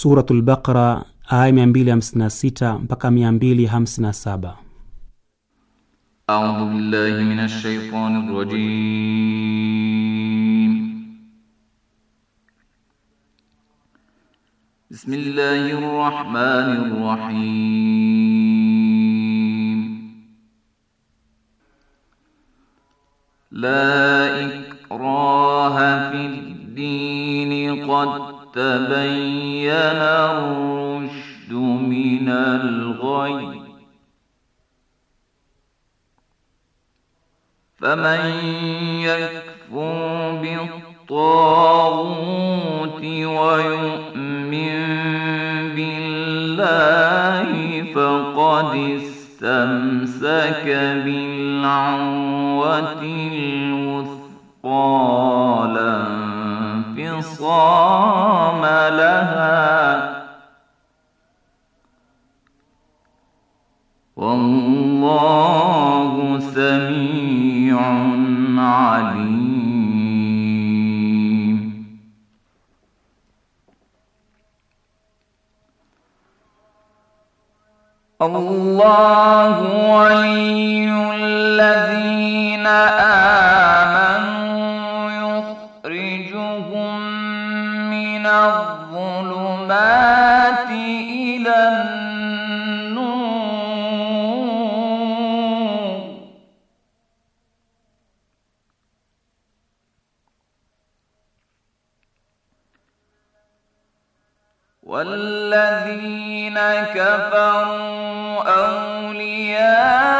Suratul Baqara aya 256 mpaka 257. A'udhu billahi minash shaitanir rajim. Bismillahir rahmanir rahim يكفر بالطاغوت ويؤمن بالله فقد استمسك بالعروة الوثقى لا انفصام لها والله سميع عليم الله ولي الذين آمنوا يخرجهم من الظلمات والذين كفروا أولياء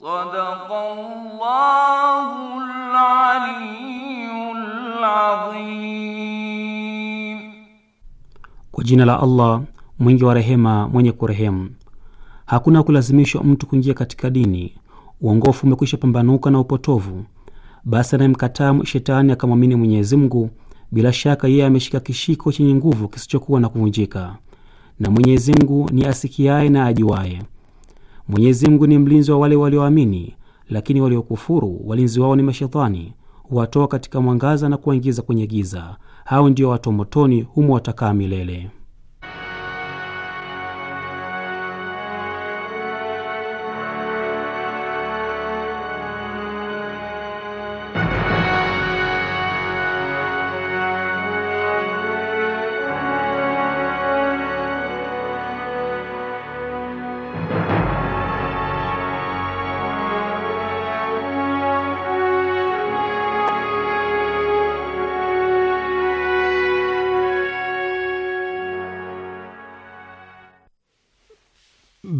Kwa jina la Allah mwingi wa rehema, mwenye kurehemu. Hakuna kulazimishwa mtu kuingia katika dini. Uongofu umekwisha pambanuka na upotovu. Basi anayemkataa shetani akamwamini Mwenyezi Mungu, bila shaka yeye ameshika kishiko chenye nguvu kisichokuwa na kuvunjika, na Mwenyezi Mungu ni asikiaye na ajuaye. Mwenyezi Mungu ni mlinzi wa wale walioamini, lakini waliokufuru walinzi wao ni mashetani, huwatoa katika mwangaza na kuwaingiza kwenye giza. Hao ndio watu motoni humo watakaa milele.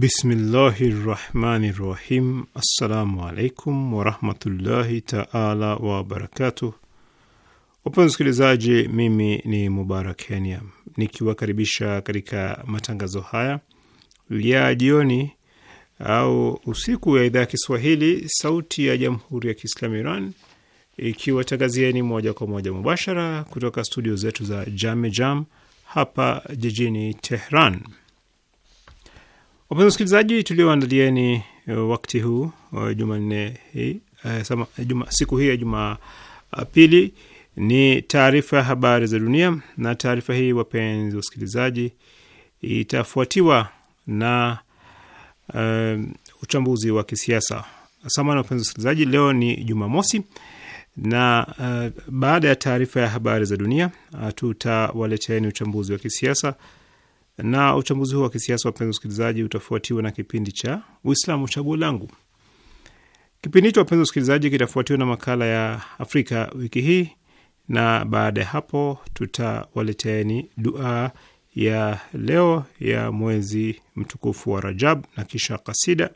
Bismillahi rahmani rahim. Assalamu alaikum warahmatullahi taala wabarakatuh. Wapenzi wasikilizaji, mimi ni Mubarak Kenya nikiwakaribisha katika matangazo haya ya jioni au usiku ya idhaa ya Kiswahili sauti ya jamhuri ya Kiislamu Iran ikiwatangazieni moja kwa moja mubashara kutoka studio zetu za Jame Jam hapa jijini Tehran. Wapenzi wasikilizaji, tulioandalieni eh, wakti huu eh, Jumanne hii uh, juma, siku hii ya Jumapili ni taarifa ya habari za dunia, na taarifa hii wapenzi wasikilizaji, itafuatiwa na uh, uchambuzi wa kisiasa. Samahani wapenzi wasikilizaji, leo ni Jumamosi na uh, baada ya taarifa ya habari za dunia uh, tutawaleteni uchambuzi wa kisiasa na uchambuzi huu wa kisiasa, wapenzi wasikilizaji, utafuatiwa na kipindi cha Uislamu Chaguo Langu. Kipindi hicho, wapenzi wasikilizaji, kitafuatiwa na makala ya Afrika Wiki Hii, na baada ya hapo tutawaleteeni dua ya leo ya mwezi mtukufu wa Rajab na kisha kasida.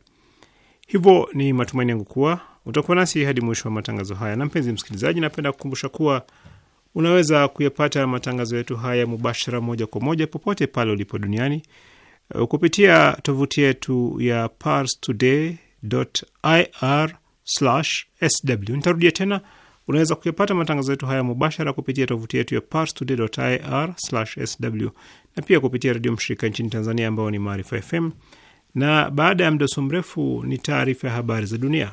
Hivyo ni matumaini yangu kuwa utakuwa nasi hadi mwisho wa matangazo haya. Na mpenzi msikilizaji, napenda kukumbusha kuwa Unaweza kuyapata matangazo yetu haya mubashara, moja kwa moja, popote pale ulipo duniani uh, kupitia tovuti yetu ya parstoday.ir/sw. Nitarudia tena, unaweza kuyapata matangazo yetu haya mubashara kupitia tovuti yetu ya parstoday.ir/sw na pia kupitia redio mshirika nchini Tanzania ambao ni Maarifa FM. Na baada ya mdoso mrefu ni taarifa ya habari za dunia.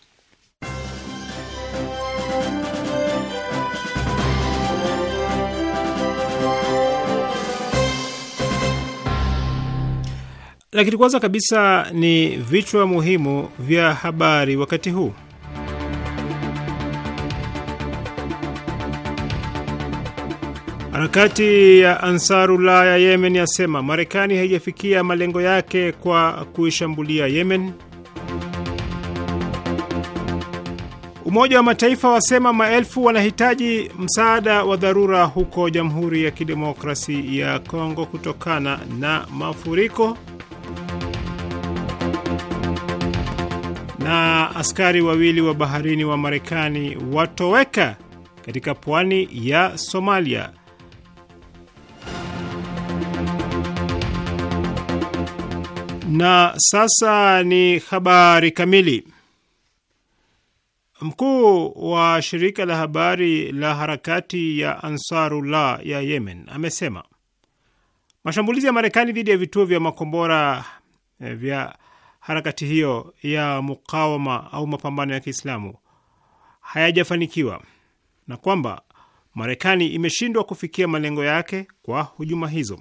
Lakini kwanza kabisa ni vichwa muhimu vya habari wakati huu. Harakati ya Ansarullah ya Yemen yasema Marekani haijafikia malengo yake kwa kuishambulia Yemen. Umoja wa Mataifa wasema maelfu wanahitaji msaada wa dharura huko Jamhuri ya Kidemokrasi ya Kongo kutokana na mafuriko. na askari wawili wa baharini wa Marekani watoweka katika pwani ya Somalia. Na sasa ni habari kamili. Mkuu wa shirika la habari la harakati ya Ansarullah ya Yemen amesema mashambulizi ya Marekani dhidi ya vituo vya makombora eh, vya harakati hiyo ya mukawama au mapambano ya Kiislamu hayajafanikiwa na kwamba Marekani imeshindwa kufikia malengo yake kwa hujuma hizo.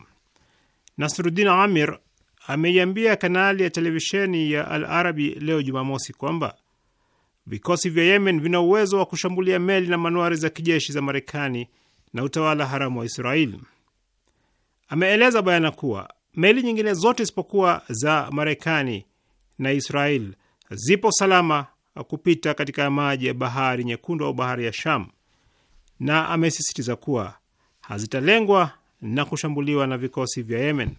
nasrudin Amir ameiambia kanali ya televisheni ya Al Arabi leo Jumamosi kwamba vikosi vya Yemen vina uwezo wa kushambulia meli na manuari za kijeshi za Marekani na utawala haramu wa Israeli. Ameeleza bayana kuwa meli nyingine zote isipokuwa za Marekani na Israel zipo salama kupita katika maji ya bahari nyekundu au bahari ya Sham, na amesisitiza kuwa hazitalengwa na kushambuliwa na vikosi vya Yemen.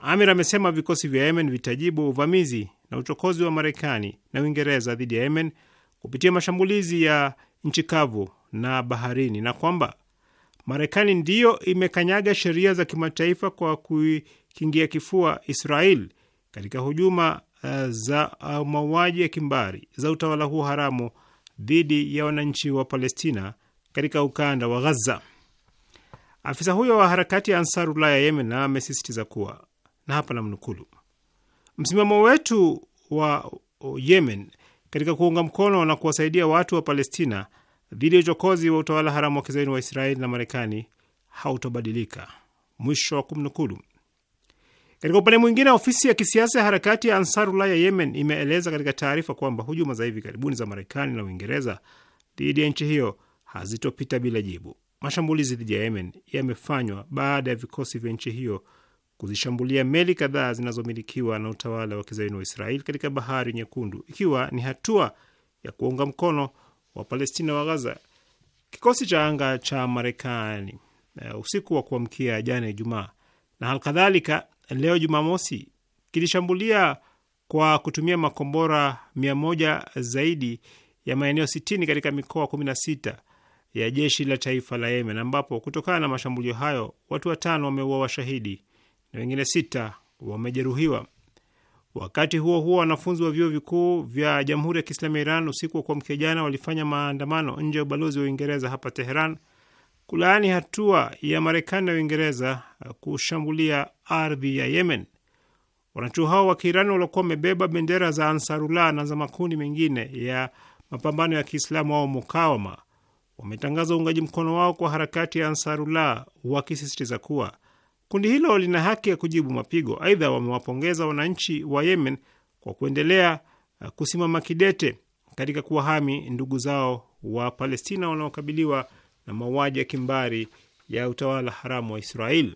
Amir amesema vikosi vya Yemen vitajibu uvamizi na uchokozi wa Marekani na Uingereza dhidi ya Yemen kupitia mashambulizi ya nchi kavu na baharini, na kwamba Marekani ndiyo imekanyaga sheria za kimataifa kwa kuikingia kifua Israel katika hujuma uh, za uh, mauaji ya kimbari za utawala huo haramu dhidi ya wananchi wa Palestina katika ukanda wa ghaza Afisa huyo wa harakati ya Ansarullah ya Yemen amesisitiza kuwa na hapa namnukulu, msimamo wetu wa Yemen katika kuunga mkono na kuwasaidia watu wa Palestina dhidi ya uchokozi wa utawala haramu wa kizaini wa Israeli na Marekani hautabadilika. Mwisho wa kumnukulu. Katika upande mwingine, ofisi ya kisiasa ya harakati ya Ansarullah ya Yemen imeeleza katika taarifa kwamba hujuma za hivi karibuni za Marekani na Uingereza dhidi ya nchi hiyo hazitopita bila jibu. Mashambulizi dhidi ya Yemen yamefanywa baada ya vikosi vya nchi hiyo kuzishambulia meli kadhaa zinazomilikiwa na utawala wa kizayuni wa Israeli katika bahari Nyekundu, ikiwa ni hatua ya kuunga mkono wa Palestina wa Gaza. Kikosi cha anga cha Marekani uh, usiku wa kuamkia jana Ijumaa na kadhalika leo Jumamosi kilishambulia kwa kutumia makombora mia moja zaidi ya maeneo sitini katika mikoa kumi na sita ya jeshi la taifa la Yemen, ambapo kutokana na mashambulio hayo watu watano wameua washahidi na wengine sita wamejeruhiwa. Wakati huo huo, wanafunzi wa vyuo vikuu vya Jamhuri ya Kiislamu ya Iran usiku wa kuamkia jana walifanya maandamano nje ya ubalozi wa Uingereza hapa Teheran kulaani hatua ya Marekani na Uingereza kushambulia ardhi ya Yemen. Wanachuo hao wa Kiirani waliokuwa wamebeba bendera za Ansarullah na za makundi mengine ya mapambano ya Kiislamu au mukawama wametangaza uungaji mkono wao kwa harakati ya Ansarullah, wakisisitiza kuwa kundi hilo lina haki ya kujibu mapigo. Aidha, wamewapongeza wananchi wa Yemen kwa kuendelea uh, kusimama kidete katika kuwahami ndugu zao wa Palestina wanaokabiliwa na mauaji ya kimbari ya utawala haramu wa Israeli.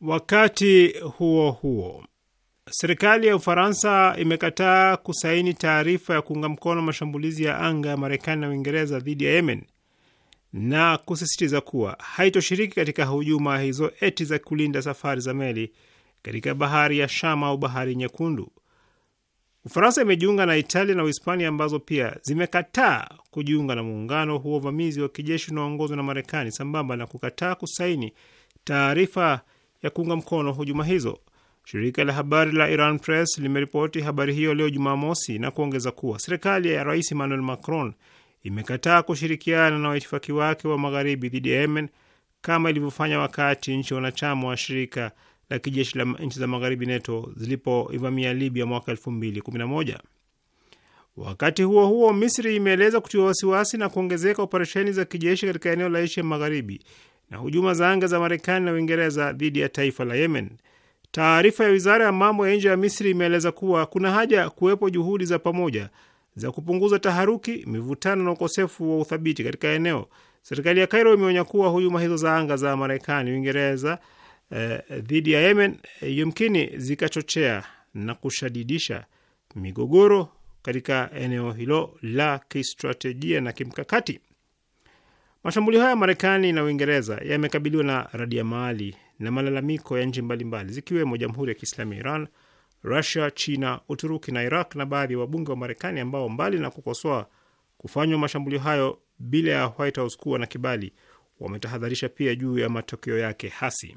Wakati huo huo, serikali ya Ufaransa imekataa kusaini taarifa ya kuunga mkono mashambulizi ya anga ya Marekani na Uingereza dhidi ya Yemen na kusisitiza kuwa haitoshiriki katika hujuma hizo eti za kulinda safari za meli katika bahari ya Shama au bahari Nyekundu. Ufaransa imejiunga na Italia na Uhispania ambazo pia zimekataa kujiunga na muungano huo uvamizi wa kijeshi unaoongozwa na Marekani, sambamba na kukataa kusaini taarifa ya kuunga mkono hujuma hizo. Shirika la habari la Iran Press limeripoti habari hiyo leo Jumamosi na kuongeza kuwa serikali ya Rais Emmanuel Macron imekataa kushirikiana na waitifaki wake wa magharibi dhidi ya Yemen kama ilivyofanya wakati nchi wanachama wa shirika la kijeshi la nchi za magharibi NATO zilipoivamia Libya mwaka 2011. Wakati huo huo, Misri imeeleza kutiwa wasiwasi na kuongezeka operesheni za kijeshi katika eneo la Asia Magharibi na hujuma za anga za Marekani na Uingereza dhidi ya taifa la Yemen. Taarifa ya wizara ya mambo ya nje ya Misri imeeleza kuwa kuna haja kuwepo juhudi za pamoja za kupunguza taharuki, mivutano na ukosefu wa uthabiti katika eneo. Serikali ya Kairo imeonya kuwa hujuma hizo za anga za Marekani, Uingereza uh, dhidi ya Yemen eh, yumkini zikachochea na kushadidisha migogoro katika eneo hilo la kistratejia na kimkakati. Mashambulio haya Marekani na Uingereza yamekabiliwa na radiamali na malalamiko ya nchi mbalimbali zikiwemo Jamhuri ya Kiislamu ya Iran, Rusia, China, Uturuki na Iraq na baadhi ya wabunge wa Marekani ambao mbali na kukosoa kufanywa mashambulio hayo bila ya White House kuwa na kibali, wametahadharisha pia juu ya matokeo yake hasi.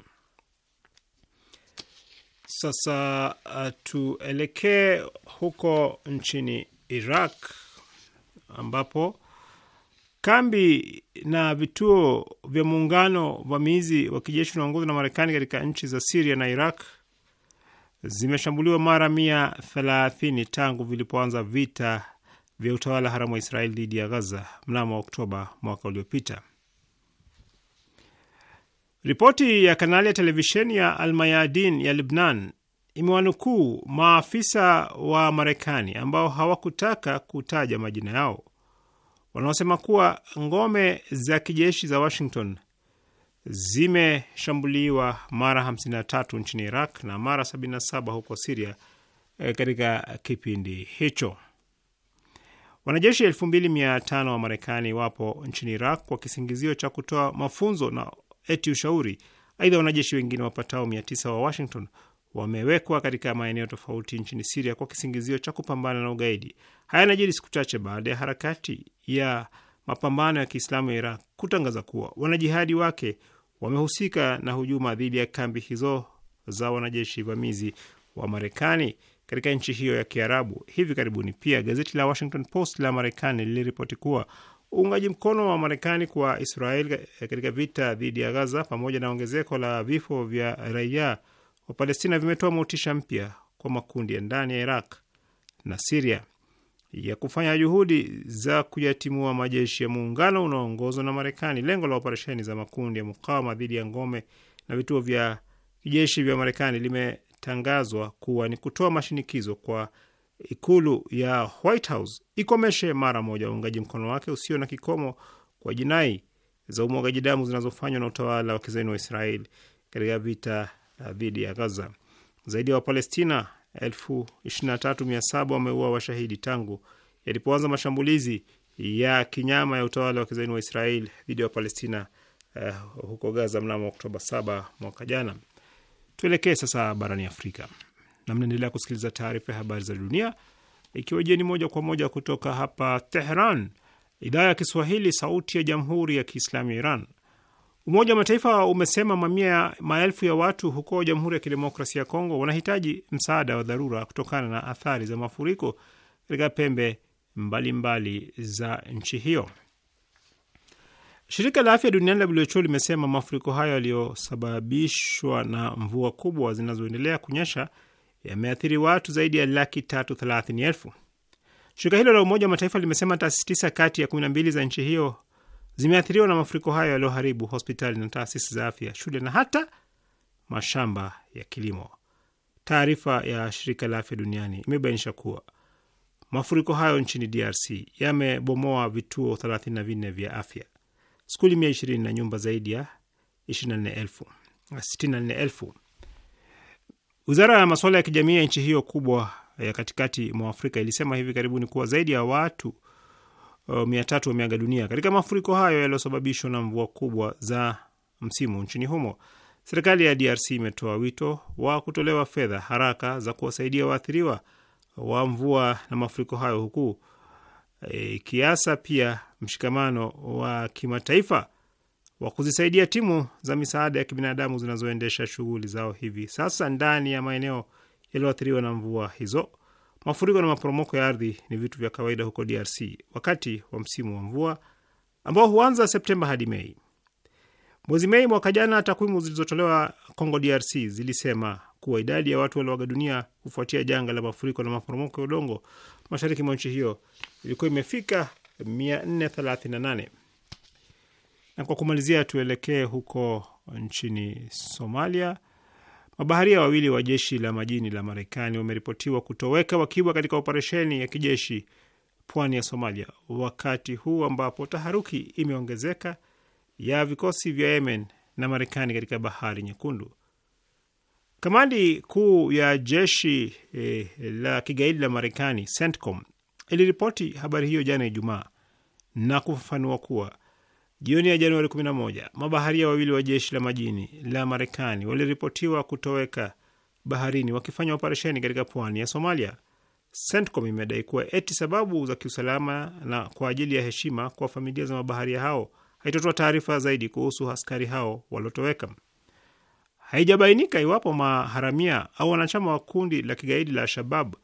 Sasa uh, tuelekee huko nchini Iraq ambapo Kambi na vituo vya muungano vamizi wa kijeshi unaongozwa na Marekani katika nchi za Siria na Iraq zimeshambuliwa mara mia thelathini tangu vilipoanza vita vya utawala haramu wa Israel dhidi ya Gaza mnamo Oktoba mwaka uliopita. Ripoti ya kanali ya televisheni ya Almayadin ya Lebnan imewanukuu maafisa wa Marekani ambao hawakutaka kutaja majina yao wanaosema kuwa ngome za kijeshi za Washington zimeshambuliwa mara 53 nchini Iraq na mara 77 huko Siria eh, katika kipindi hicho. Wanajeshi 2500 wa Marekani wapo nchini Iraq kwa kisingizio cha kutoa mafunzo na eti ushauri. Aidha, wanajeshi wengine wapatao 900 wa Washington wamewekwa katika maeneo tofauti nchini Siria kwa kisingizio cha kupambana na ugaidi. Haya yanajiri siku chache baada ya harakati ya mapambano ya Kiislamu ya Iraq kutangaza kuwa wanajihadi wake wamehusika na hujuma dhidi ya kambi hizo za wanajeshi vamizi wa Marekani katika nchi hiyo ya Kiarabu hivi karibuni. Pia gazeti la Washington Post la Marekani liliripoti kuwa uungaji mkono wa Marekani kwa Israel katika vita dhidi ya Gaza pamoja na ongezeko la vifo vya raia wa Palestina vimetoa motisha mpya kwa makundi ya ndani ya Iraq na Siria ya kufanya juhudi za kuyatimua majeshi ya muungano unaoongozwa na Marekani. Lengo la operesheni za makundi ya mukawama dhidi ya ngome na vituo vya kijeshi vya Marekani limetangazwa kuwa ni kutoa mashinikizo kwa ikulu ya White House ikomeshe mara moja uungaji mkono wake usio na kikomo kwa jinai za umwagaji damu zinazofanywa na utawala wa kizaini wa Israeli katika vita uh, dhidi ya Gaza. Zaidi ya Wapalestina elfu wameua washahidi tangu yalipoanza mashambulizi ya kinyama ya utawala wa kizaini wa Israel dhidi ya Palestina eh, huko Gaza mnamo Oktoba 7 mwaka jana. Tuelekee sasa barani Afrika na mnaendelea kusikiliza taarifa ya habari za dunia ikiwa jeni moja kwa moja kutoka hapa Tehran, idhaa ya Kiswahili, sauti ya jamhuri ya kiislamu ya Iran. Umoja wa Mataifa umesema mamia ya maelfu ya watu huko Jamhuri ya Kidemokrasia ya Kongo wanahitaji msaada wa dharura kutokana na athari za mafuriko katika pembe mbalimbali mbali za nchi hiyo. Shirika la Afya Duniani WHO limesema mafuriko hayo yaliyosababishwa na mvua kubwa zinazoendelea kunyesha yameathiri watu zaidi ya laki tatu thelathini elfu. Shirika hilo la Umoja wa Mataifa limesema taasisi tisa kati ya kumi na mbili za nchi hiyo zimeathiriwa na mafuriko hayo yaliyoharibu hospitali na taasisi za afya, shule na hata mashamba ya kilimo. Taarifa ya shirika la afya duniani imebainisha kuwa mafuriko hayo nchini DRC yamebomoa vituo 34 vya afya, skuli 120 na nyumba zaidi ya 64,000. Wizara ya masuala ya kijamii ya nchi hiyo kubwa ya katikati mwa Afrika ilisema hivi karibuni kuwa zaidi ya watu uh, mia tatu wameaga dunia katika mafuriko hayo yaliyosababishwa na mvua kubwa za msimu nchini humo. Serikali ya DRC imetoa wito wa kutolewa fedha haraka za kuwasaidia waathiriwa wa mvua na mafuriko hayo, huku e, eh, kiasa pia mshikamano wa kimataifa wa kuzisaidia timu za misaada ya kibinadamu zinazoendesha shughuli zao hivi sasa ndani ya maeneo yaliyoathiriwa na mvua hizo Mafuriko na maporomoko ya ardhi ni vitu vya kawaida huko DRC wakati wa msimu wa mvua ambao huanza Septemba hadi Mei. Mwezi Mei mwaka jana, takwimu zilizotolewa Congo DRC zilisema kuwa idadi ya watu walioaga dunia kufuatia janga la mafuriko na maporomoko ya udongo mashariki mwa nchi hiyo ilikuwa imefika 438. Na kwa kumalizia, tuelekee huko nchini Somalia Mabaharia wawili wa jeshi la majini la Marekani wameripotiwa kutoweka wakiwa katika operesheni ya kijeshi pwani ya Somalia, wakati huu ambapo taharuki imeongezeka ya vikosi vya Yemen na Marekani katika Bahari Nyekundu. Kamandi kuu ya jeshi eh, la kigaidi la Marekani CENTCOM iliripoti habari hiyo jana Ijumaa na kufafanua kuwa Jioni ya Januari 11 mabaharia wawili wa jeshi la majini la Marekani waliripotiwa kutoweka baharini wakifanya operesheni katika pwani ya Somalia. CENTCOM imedai kuwa eti sababu za kiusalama na kwa ajili ya heshima kwa familia za mabaharia hao haitatoa taarifa zaidi kuhusu askari hao waliotoweka. Haijabainika iwapo maharamia au wanachama wa kundi la kigaidi la Al-Shabab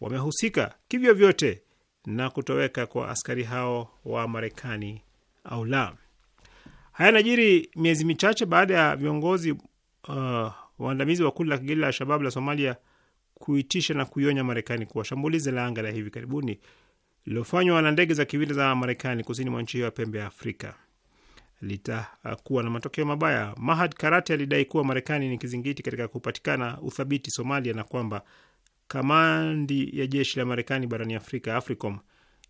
wamehusika kivyo vyote na kutoweka kwa askari hao wa Marekani au la. Haya najiri miezi michache baada ya viongozi uh, waandamizi wa kundi la kigeli la Al-Shabab la Somalia kuitisha na kuionya Marekani kuwa shambulizi la anga la hivi karibuni lilofanywa na ndege za kivita za Marekani kusini mwa nchi hiyo ya pembe ya Afrika litakuwa na matokeo mabaya. Mahad Karate alidai kuwa Marekani ni kizingiti katika kupatikana uthabiti Somalia na kwamba kamandi ya jeshi la Marekani barani Afrika, AFRICOM,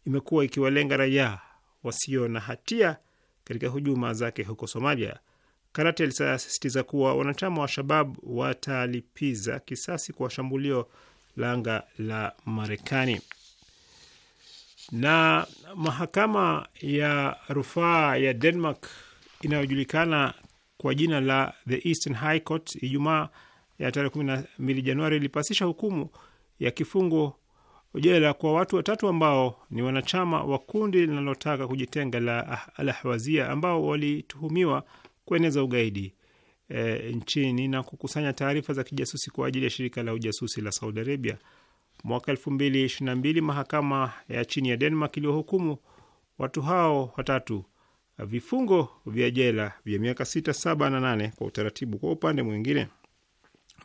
imekuwa ikiwalenga raia wasio na hatia katika hujuma zake huko Somalia. Karate alisisitiza kuwa wanachama wa Shabab watalipiza kisasi kwa shambulio la anga la Marekani. Na mahakama ya rufaa ya Denmark inayojulikana kwa jina la The Eastern High Court Ijumaa ya tarehe 12 Januari ilipasisha hukumu ya kifungo jela kwa watu watatu ambao ni wanachama wa kundi linalotaka kujitenga la Alahwazia ambao walituhumiwa kueneza ugaidi e, nchini na kukusanya taarifa za kijasusi kwa ajili ya shirika la ujasusi la Saudi Arabia. Mwaka mbili mahakama ya chini ya Denmark iliwahukumu watu hao watatu vifungo vya jela vya miaka sita, saba na nane kwa utaratibu. Kwa upande mwingine,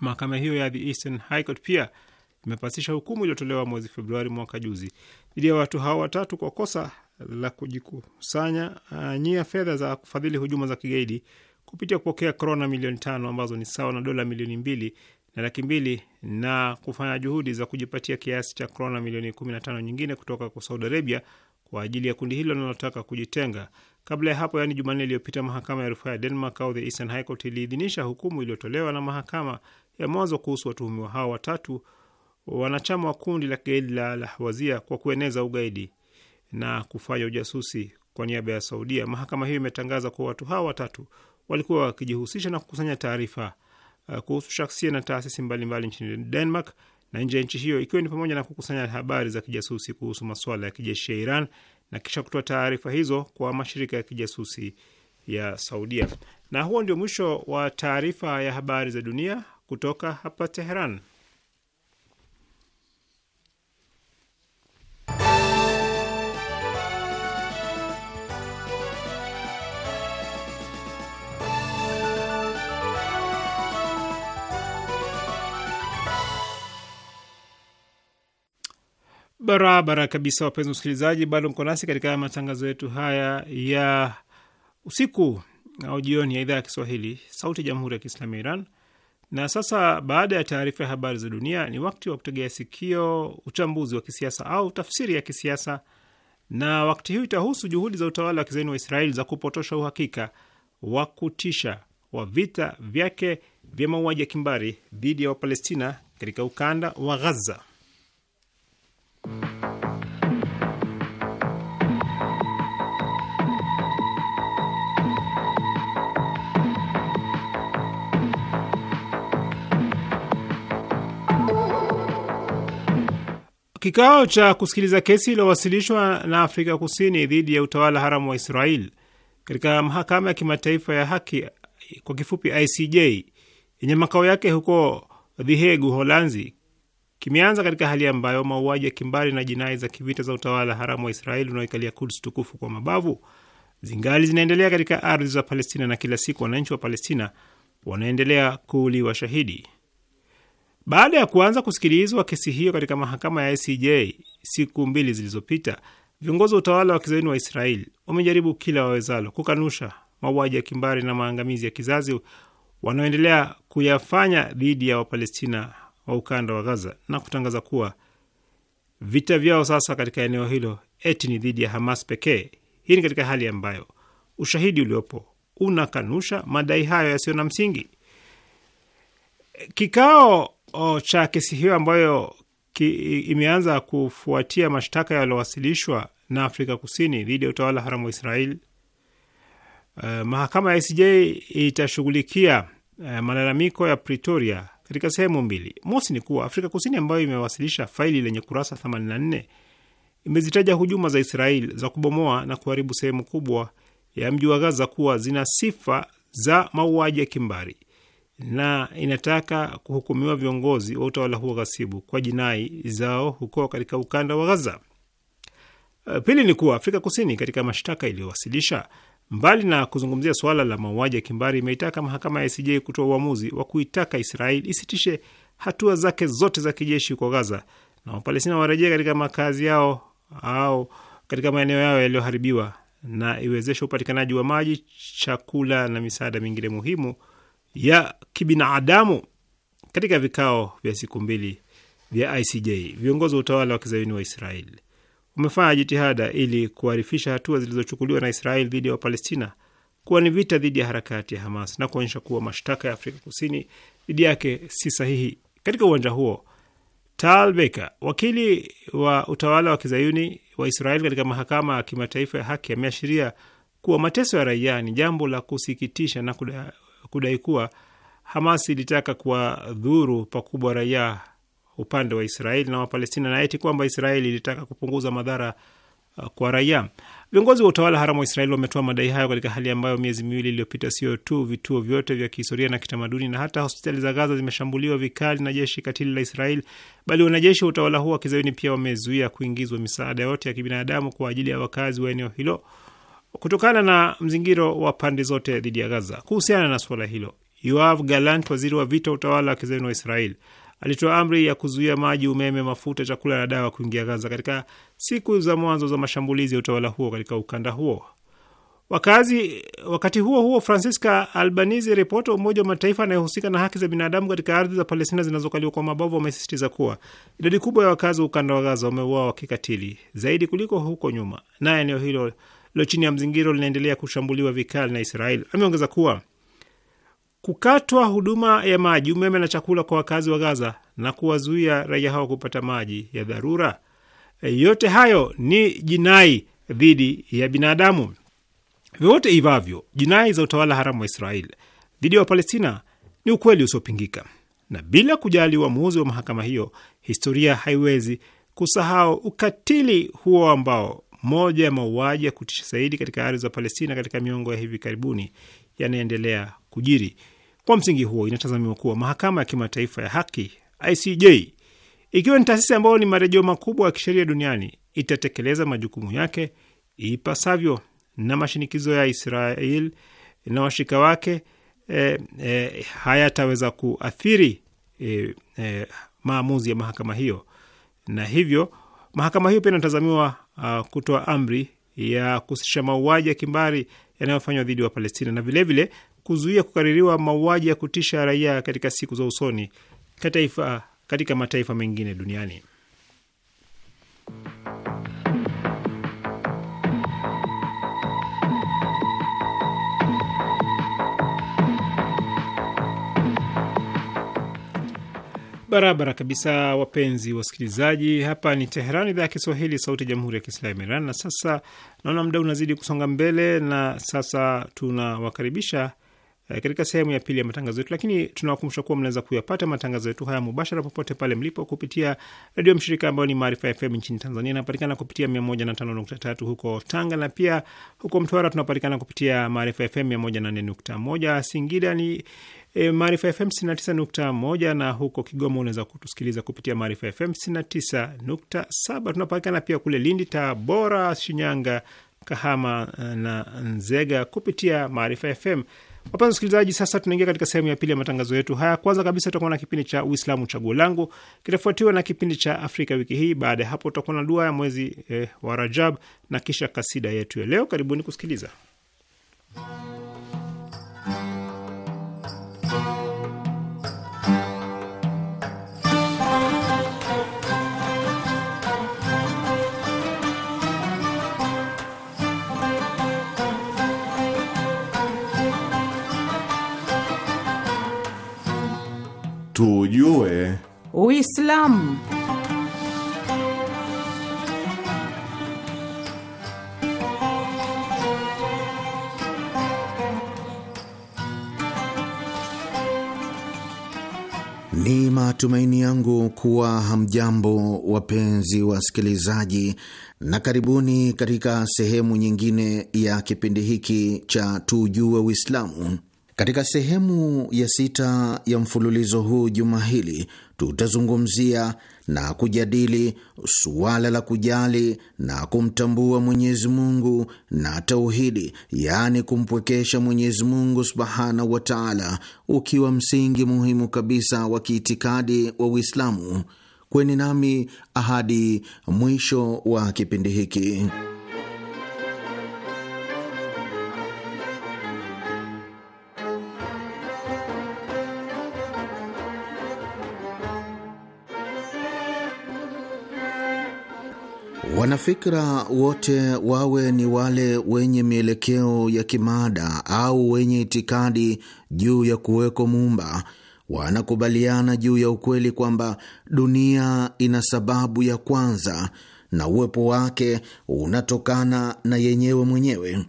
mahakama hiyo ya The Eastern High Court pia imepasisha hukumu iliyotolewa mwezi Februari mwaka juzi dhidi ya watu hao watatu kwa kosa la kujikusanya uh, nyia fedha za kufadhili hujuma za kigaidi kupitia kupokea krona milioni tano ambazo ni sawa na dola milioni mbili na laki mbili na kufanya juhudi za kujipatia kiasi cha krona milioni kumi na tano nyingine kutoka kwa Saudi Arabia kwa ajili ya kundi hilo linalotaka kujitenga. Kabla ya hapo, yaani Jumanne iliyopita, mahakama ya rufaa ya Denmark au the Eastern High Court iliidhinisha hukumu iliyotolewa na mahakama ya mwanzo kuhusu watuhumiwa hao watatu wanachama wa kundi la kigaidi la Lahwazia kwa kueneza ugaidi na kufanya ujasusi kwa niaba ya Saudia. Mahakama hiyo imetangaza kuwa watu hawa watatu walikuwa wakijihusisha na kukusanya taarifa uh, kuhusu shaksia na taasisi mbalimbali nchini Denmark na nje ya nchi hiyo, ikiwa ni pamoja na kukusanya habari za kijasusi kuhusu masuala ya kijeshi ya Iran na kisha kutoa taarifa hizo kwa mashirika ya kijasusi ya Saudia. Na huo ndio mwisho wa taarifa ya habari za dunia kutoka hapa Teheran. Barabara kabisa, wapenzi wasikilizaji, bado mko nasi katika matangazo yetu haya ya usiku au jioni ya idhaa ya Kiswahili, Sauti ya Jamhuri ya Kiislamu ya Iran. Na sasa baada ya taarifa ya habari za dunia, ni wakati wa kutegea sikio uchambuzi wa kisiasa au tafsiri ya kisiasa, na wakati huu itahusu juhudi za utawala wa kizaini wa Israeli za kupotosha uhakika wa kutisha wa vita vyake vya mauaji ya kimbari dhidi ya Wapalestina katika ukanda wa Ghaza. Kikao cha kusikiliza kesi iliyowasilishwa na Afrika Kusini dhidi ya utawala haramu wa Israel katika mahakama ya kimataifa ya haki kwa kifupi ICJ yenye makao yake huko The Hague, Uholanzi kimeanza katika hali ambayo mauaji ya kimbari na jinai za kivita za utawala haramu wa israel unaoikalia Kuds tukufu kwa mabavu zingali zinaendelea katika ardhi za Palestina, na kila siku wananchi wa Palestina wanaendelea kuuliwa shahidi. Baada ya kuanza kusikilizwa kesi hiyo katika mahakama ya ICJ e siku mbili zilizopita, viongozi wa utawala wa kizayuni wa Israel wamejaribu kila wawezalo kukanusha mauaji ya kimbari na maangamizi ya kizazi wanaoendelea kuyafanya dhidi ya Wapalestina wa ukanda wa Gaza na kutangaza kuwa vita vyao sasa katika eneo hilo eti ni dhidi ya Hamas pekee. Hii ni katika hali ambayo ushahidi uliopo unakanusha madai hayo yasiyo na msingi. Kikao oh, cha kesi hiyo ambayo ki, imeanza kufuatia mashtaka yaliyowasilishwa na Afrika Kusini dhidi ya utawala haramu wa israel Uh, mahakama ya ICJ itashughulikia uh, malalamiko ya Pretoria katika sehemu mbili. Mosi ni kuwa Afrika Kusini ambayo imewasilisha faili lenye kurasa 84 imezitaja hujuma za israel za kubomoa na kuharibu sehemu kubwa ya mji wa Gaza kuwa zina sifa za mauaji ya kimbari na inataka kuhukumiwa viongozi wa utawala huo ghasibu kwa jinai zao huko katika ukanda wa Gaza. Eh, pili ni kuwa Afrika Kusini katika mashtaka iliyowasilisha, mbali na kuzungumzia suala la mauaji ya kimbari, imeitaka mahakama ya ICJ kutoa uamuzi wa kuitaka Israeli isitishe hatua zake zote za kijeshi huko Gaza na Wapalestina warejee katika makazi yao au katika maeneo yao yaliyoharibiwa na iwezeshe upatikanaji wa maji, chakula na misaada mingine muhimu ya kibinadamu. Katika vikao vya siku mbili vya ICJ, viongozi wa utawala wa kizayuni wa Israel umefanya jitihada ili kuharifisha hatua zilizochukuliwa na Israel dhidi ya Wapalestina kuwa ni vita dhidi ya harakati ya Hamas na kuonyesha kuwa mashtaka ya Afrika Kusini dhidi yake si sahihi. Katika uwanja huo, Tal wakili wa utawala wa kizayuni wa Israel katika mahakama ya kimataifa ya haki, ameashiria kuwa mateso ya raia ni jambo la kusikitisha na kudai kuwa Hamas ilitaka kuwadhuru pakubwa raia upande wa Israeli na Wapalestina na eti kwamba Israeli ilitaka kupunguza madhara uh, kwa raia. Viongozi wa utawala haramu wa Israeli wametoa madai hayo katika hali ambayo miezi miwili iliyopita, sio tu vituo vyote vya kihistoria na kitamaduni na hata hospitali za Gaza zimeshambuliwa vikali na jeshi katili la Israeli, bali wanajeshi wa utawala huo wa kizayuni pia wamezuia kuingizwa misaada yote ya kibinadamu kwa ajili ya wakazi wa eneo hilo kutokana na mzingiro wa pande zote dhidi ya Gaza. Kuhusiana na suala hilo, Yoav Galant, waziri wa vita utawala wa kizayuni wa Israel, alitoa amri ya kuzuia maji, umeme, mafuta, chakula na dawa kuingia Gaza katika siku za mwanzo za mashambulizi ya utawala huo katika ukanda huo wakazi. Wakati huo huo, Francisca Albanese, ripota wa Umoja wa Mataifa anayehusika na haki za binadamu katika ardhi za Palestina zinazokaliwa kwa mabavu, wamesisitiza kuwa idadi kubwa ya wakazi wa ukanda wa Gaza wameuawa wa kikatili zaidi kuliko huko nyuma, na eneo hilo lilo chini ya mzingiro linaendelea kushambuliwa vikali na Israel. Ameongeza kuwa kukatwa huduma ya maji, umeme na chakula kwa wakazi wa Gaza na kuwazuia raia hao kupata maji ya dharura, e, yote hayo ni jinai dhidi ya binadamu. Vyote hivavyo, jinai za utawala haramu wa Israel dhidi ya Wapalestina ni ukweli usiopingika, na bila kujali uamuzi wa mahakama hiyo, historia haiwezi kusahau ukatili huo ambao moja ya mauaji ya kutisha zaidi katika ardhi za Palestina katika miongo ya hivi karibuni yanaendelea kujiri. Kwa msingi huo, inatazamiwa kuwa mahakama ya kimataifa ya haki ICJ, ikiwa ni taasisi ambayo ni marejeo makubwa ya kisheria duniani, itatekeleza majukumu yake ipasavyo, na mashinikizo ya Israel na washirika wake eh, eh, hayataweza kuathiri eh, eh, maamuzi ya mahakama hiyo, na hivyo mahakama hiyo pia inatazamiwa uh, kutoa amri ya kusitisha mauaji ya kimbari yanayofanywa dhidi wa Palestina na vilevile vile, kuzuia kukaririwa mauaji ya kutisha raia katika siku za usoni katika mataifa mengine duniani. Barabara kabisa, wapenzi wasikilizaji, hapa ni Teheran, idhaa ya Kiswahili, sauti ya jamhuri ya kiislamu Iran. Na sasa naona muda unazidi kusonga mbele, na sasa tunawakaribisha eh, katika sehemu ya pili ya matangazo yetu, lakini tunawakumbusha kuwa mnaweza kuyapata matangazo yetu haya mubashara popote pale mlipo kupitia redio mshirika ambayo ni Maarifa FM nchini Tanzania, inapatikana kupitia 105.3 huko Tanga, na pia huko Mtwara tunapatikana kupitia Maarifa FM 108.1. Singida ni e, Maarifa FM 99.1 na huko Kigoma unaweza kutusikiliza kupitia Maarifa FM 99.7. Tunapatikana pia kule Lindi, Tabora, Shinyanga, Kahama eh, na Nzega kupitia Maarifa FM. Wapenzi wasikilizaji, sasa tunaingia katika sehemu ya pili ya matangazo yetu haya. Kwanza kabisa tutakuwa na kipindi cha Uislamu Chaguo Langu, kitafuatiwa na kipindi cha Afrika Wiki Hii. Baada ya hapo, tutakuwa na dua ya mwezi eh, wa Rajab na kisha kasida yetu ya leo. Karibuni kusikiliza. tujue Uislamu. Ni matumaini yangu kuwa hamjambo, wapenzi wasikilizaji, na karibuni katika sehemu nyingine ya kipindi hiki cha tujue Uislamu. Katika sehemu ya sita ya mfululizo huu juma hili tutazungumzia na kujadili suala la kujali na kumtambua Mwenyezi Mungu na tauhidi, yaani kumpwekesha Mwenyezi Mungu subhanahu wa taala, ukiwa msingi muhimu kabisa wa kiitikadi wa Uislamu. Kweni nami ahadi mwisho wa kipindi hiki. Wanafikra wote wawe ni wale wenye mielekeo ya kimaada au wenye itikadi juu ya kuweko muumba, wanakubaliana juu ya ukweli kwamba dunia ina sababu ya kwanza na uwepo wake unatokana na yenyewe mwenyewe.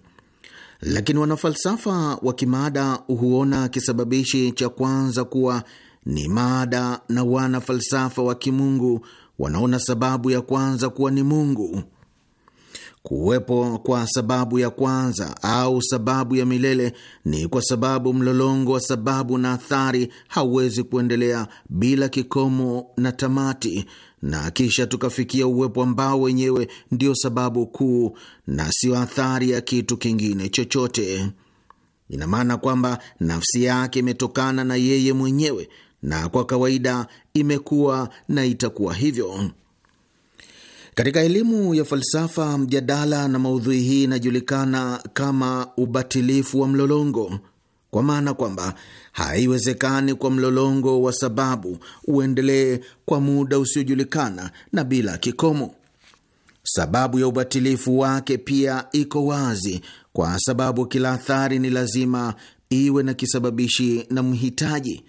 Lakini wanafalsafa wa kimaada huona kisababishi cha kwanza kuwa ni maada na wanafalsafa wa kimungu wanaona sababu ya kwanza kuwa ni Mungu. Kuwepo kwa sababu ya kwanza au sababu ya milele ni kwa sababu mlolongo wa sababu na athari hauwezi kuendelea bila kikomo na tamati, na kisha tukafikia uwepo ambao wenyewe ndio sababu kuu na sio athari ya kitu kingine chochote. Ina maana kwamba nafsi yake imetokana na yeye mwenyewe na kwa kawaida imekuwa na itakuwa hivyo. Katika elimu ya falsafa, mjadala na maudhui hii inajulikana kama ubatilifu wa mlolongo, kwa maana kwamba haiwezekani kwa mlolongo wa sababu uendelee kwa muda usiojulikana na bila kikomo. Sababu ya ubatilifu wake pia iko wazi, kwa sababu kila athari ni lazima iwe na kisababishi na mhitaji,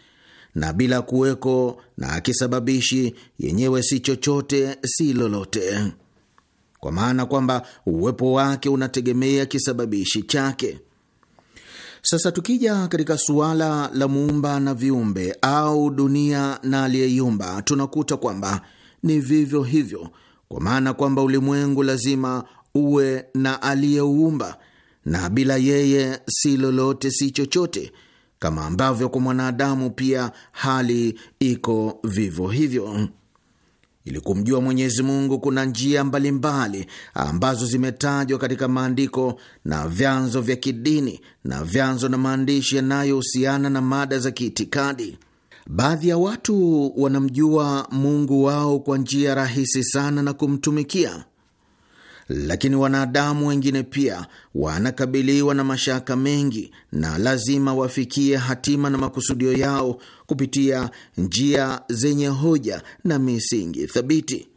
na bila kuweko na kisababishi yenyewe si chochote si lolote, kwa maana kwamba uwepo wake unategemea kisababishi chake. Sasa tukija katika suala la muumba na viumbe au dunia na aliyeiumba, tunakuta kwamba ni vivyo hivyo, kwa maana kwamba ulimwengu lazima uwe na aliyeuumba, na bila yeye si lolote si chochote kama ambavyo kwa mwanadamu pia hali iko vivyo hivyo. Ili kumjua Mwenyezi Mungu kuna njia mbalimbali mbali ambazo zimetajwa katika maandiko na vyanzo vya kidini na vyanzo na maandishi yanayohusiana na mada za kiitikadi. Baadhi ya watu wanamjua Mungu wao kwa njia rahisi sana na kumtumikia lakini wanadamu wengine pia wanakabiliwa na mashaka mengi na lazima wafikie hatima na makusudio yao kupitia njia zenye hoja na misingi thabiti.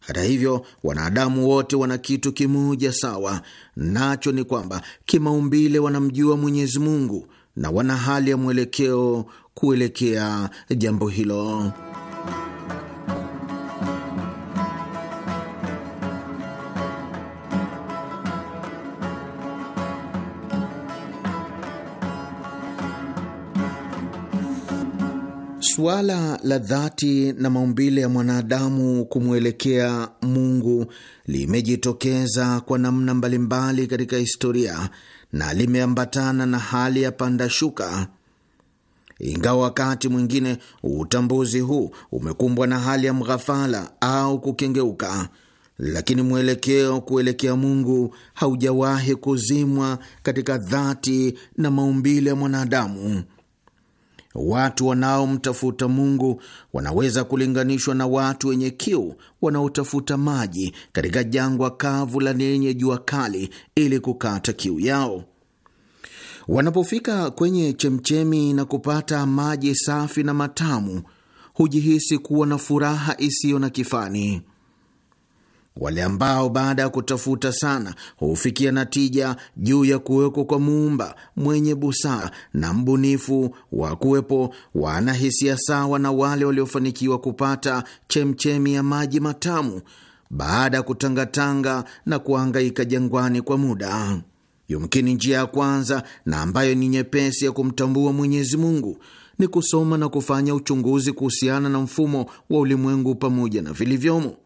Hata hivyo, wanadamu wote wana kitu kimoja sawa, nacho ni kwamba kimaumbile wanamjua Mwenyezi Mungu na wana hali ya mwelekeo kuelekea jambo hilo. Suala la dhati na maumbile ya mwanadamu kumwelekea Mungu limejitokeza kwa namna mbalimbali katika historia na limeambatana na hali ya panda shuka. Ingawa wakati mwingine utambuzi huu umekumbwa na hali ya mghafala au kukengeuka, lakini mwelekeo kuelekea Mungu haujawahi kuzimwa katika dhati na maumbile ya mwanadamu. Watu wanaomtafuta Mungu wanaweza kulinganishwa na watu wenye kiu wanaotafuta maji katika jangwa kavu la lenye jua kali ili kukata kiu yao. Wanapofika kwenye chemchemi na kupata maji safi na matamu, hujihisi kuwa na furaha isiyo na kifani wale ambao baada ya kutafuta sana hufikia natija juu ya kuwekwa kwa muumba mwenye busara na mbunifu wa kuwepo, wana hisia sawa na wale waliofanikiwa kupata chemchemi ya maji matamu baada ya kutangatanga na kuangaika jangwani kwa muda. Yumkini njia ya kwanza na ambayo ni nyepesi ya kumtambua Mwenyezi Mungu ni kusoma na kufanya uchunguzi kuhusiana na mfumo wa ulimwengu pamoja na vilivyomo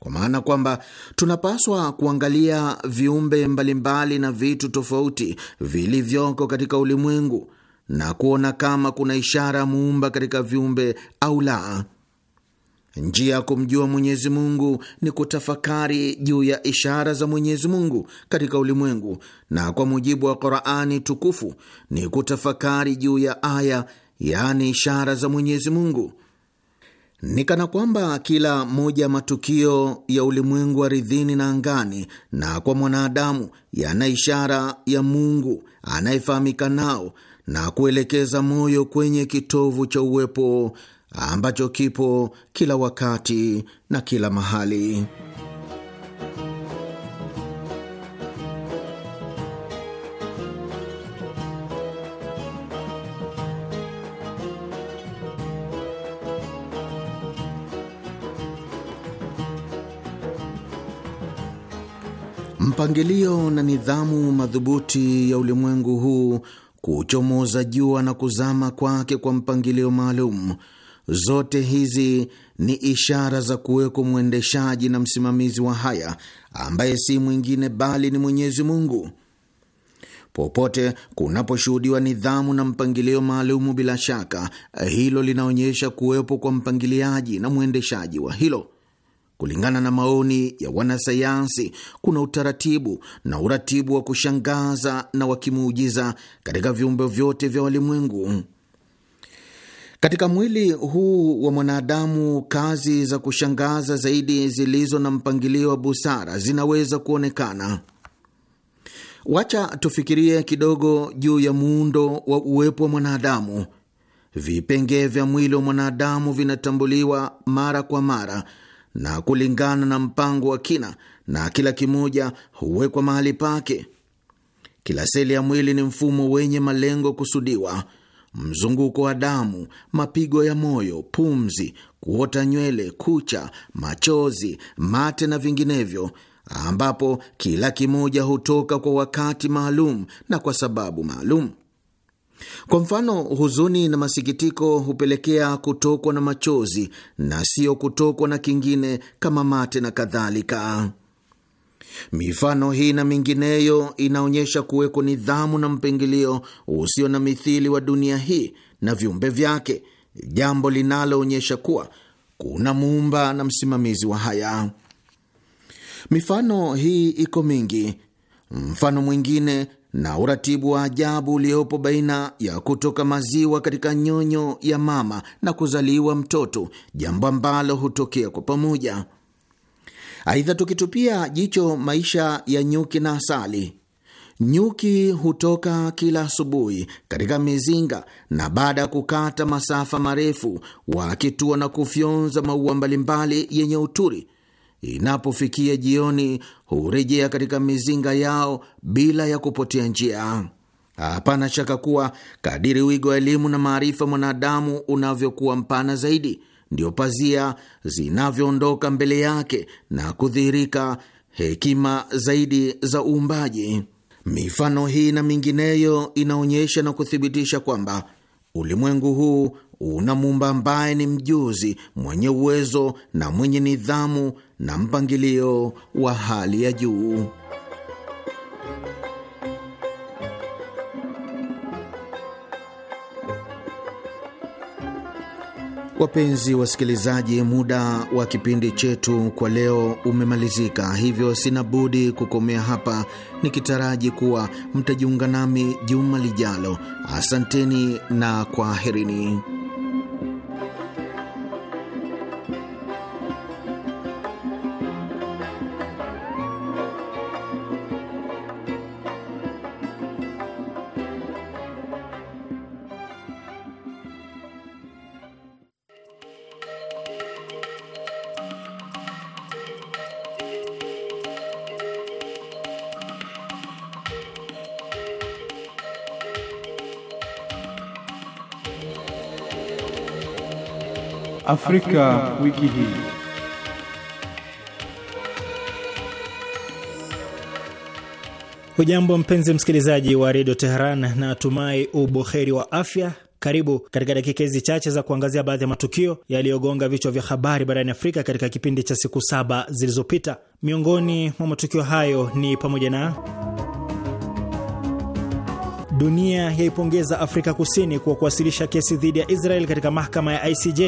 kwa maana kwamba tunapaswa kuangalia viumbe mbalimbali na vitu tofauti vilivyoko katika ulimwengu na kuona kama kuna ishara muumba katika viumbe au la. Njia ya kumjua Mwenyezi Mungu ni kutafakari juu ya ishara za Mwenyezi Mungu katika ulimwengu, na kwa mujibu wa Qur'ani tukufu ni kutafakari juu ya aya, yaani ishara za Mwenyezi Mungu ni kana kwamba kila moja ya matukio ya ulimwengu aridhini na angani na kwa mwanadamu yana ishara ya Mungu anayefahamika nao na kuelekeza moyo kwenye kitovu cha uwepo ambacho kipo kila wakati na kila mahali. Mpangilio na nidhamu madhubuti ya ulimwengu huu, kuchomoza jua na kuzama kwake kwa mpangilio maalum, zote hizi ni ishara za kuweko mwendeshaji na msimamizi wa haya ambaye si mwingine bali ni Mwenyezi Mungu. Popote kunaposhuhudiwa nidhamu na mpangilio maalumu, bila shaka hilo linaonyesha kuwepo kwa mpangiliaji na mwendeshaji wa hilo. Kulingana na maoni ya wanasayansi, kuna utaratibu na uratibu wa kushangaza na wa kimuujiza katika viumbe vyote vya walimwengu. Katika mwili huu wa mwanadamu, kazi za kushangaza zaidi zilizo na mpangilio wa busara zinaweza kuonekana. Wacha tufikirie kidogo juu ya muundo wa uwepo wa mwanadamu. Vipengee vya mwili wa mwanadamu vinatambuliwa mara kwa mara na kulingana na mpango wa kina, na kila kimoja huwekwa mahali pake. Kila seli ya mwili ni mfumo wenye malengo kusudiwa: mzunguko wa damu, mapigo ya moyo, pumzi, kuota nywele, kucha, machozi, mate na vinginevyo, ambapo kila kimoja hutoka kwa wakati maalum na kwa sababu maalum. Kwa mfano, huzuni na masikitiko hupelekea kutokwa na machozi na sio kutokwa na kingine kama mate na kadhalika. Mifano hii na mingineyo inaonyesha kuweko nidhamu na mpangilio usio na mithili wa dunia hii na viumbe vyake, jambo linaloonyesha kuwa kuna muumba na msimamizi wa haya. Mifano hii iko mingi. Mfano mwingine na uratibu wa ajabu uliopo baina ya kutoka maziwa katika nyonyo ya mama na kuzaliwa mtoto, jambo ambalo hutokea kwa pamoja. Aidha, tukitupia jicho maisha ya nyuki na asali, nyuki hutoka kila asubuhi katika mizinga na baada ya kukata masafa marefu wakitua na kufyonza maua mbalimbali yenye uturi Inapofikia jioni, hurejea katika mizinga yao bila ya kupotea njia. Hapana shaka kuwa kadiri wigo wa elimu na maarifa mwanadamu unavyokuwa mpana zaidi, ndio pazia zinavyoondoka mbele yake na kudhihirika hekima zaidi za uumbaji. Mifano hii na mingineyo inaonyesha na kuthibitisha kwamba ulimwengu huu una muumba ambaye ni mjuzi, mwenye uwezo na mwenye nidhamu na mpangilio wa hali ya juu. Wapenzi wasikilizaji, muda wa kipindi chetu kwa leo umemalizika, hivyo sina budi kukomea hapa, nikitaraji kuwa mtajiunga nami juma lijalo. Asanteni na kwaherini. Afrika, wiki hii. Hujambo mpenzi msikilizaji wa redio Teheran na tumai uboheri wa afya. Karibu katika dakika hizi chache za kuangazia baadhi ya matukio yaliyogonga vichwa vya habari barani Afrika katika kipindi cha siku saba zilizopita. Miongoni mwa matukio hayo ni pamoja na dunia yaipongeza Afrika Kusini kwa kuwasilisha kesi dhidi ya Israel katika mahakama ya ICJ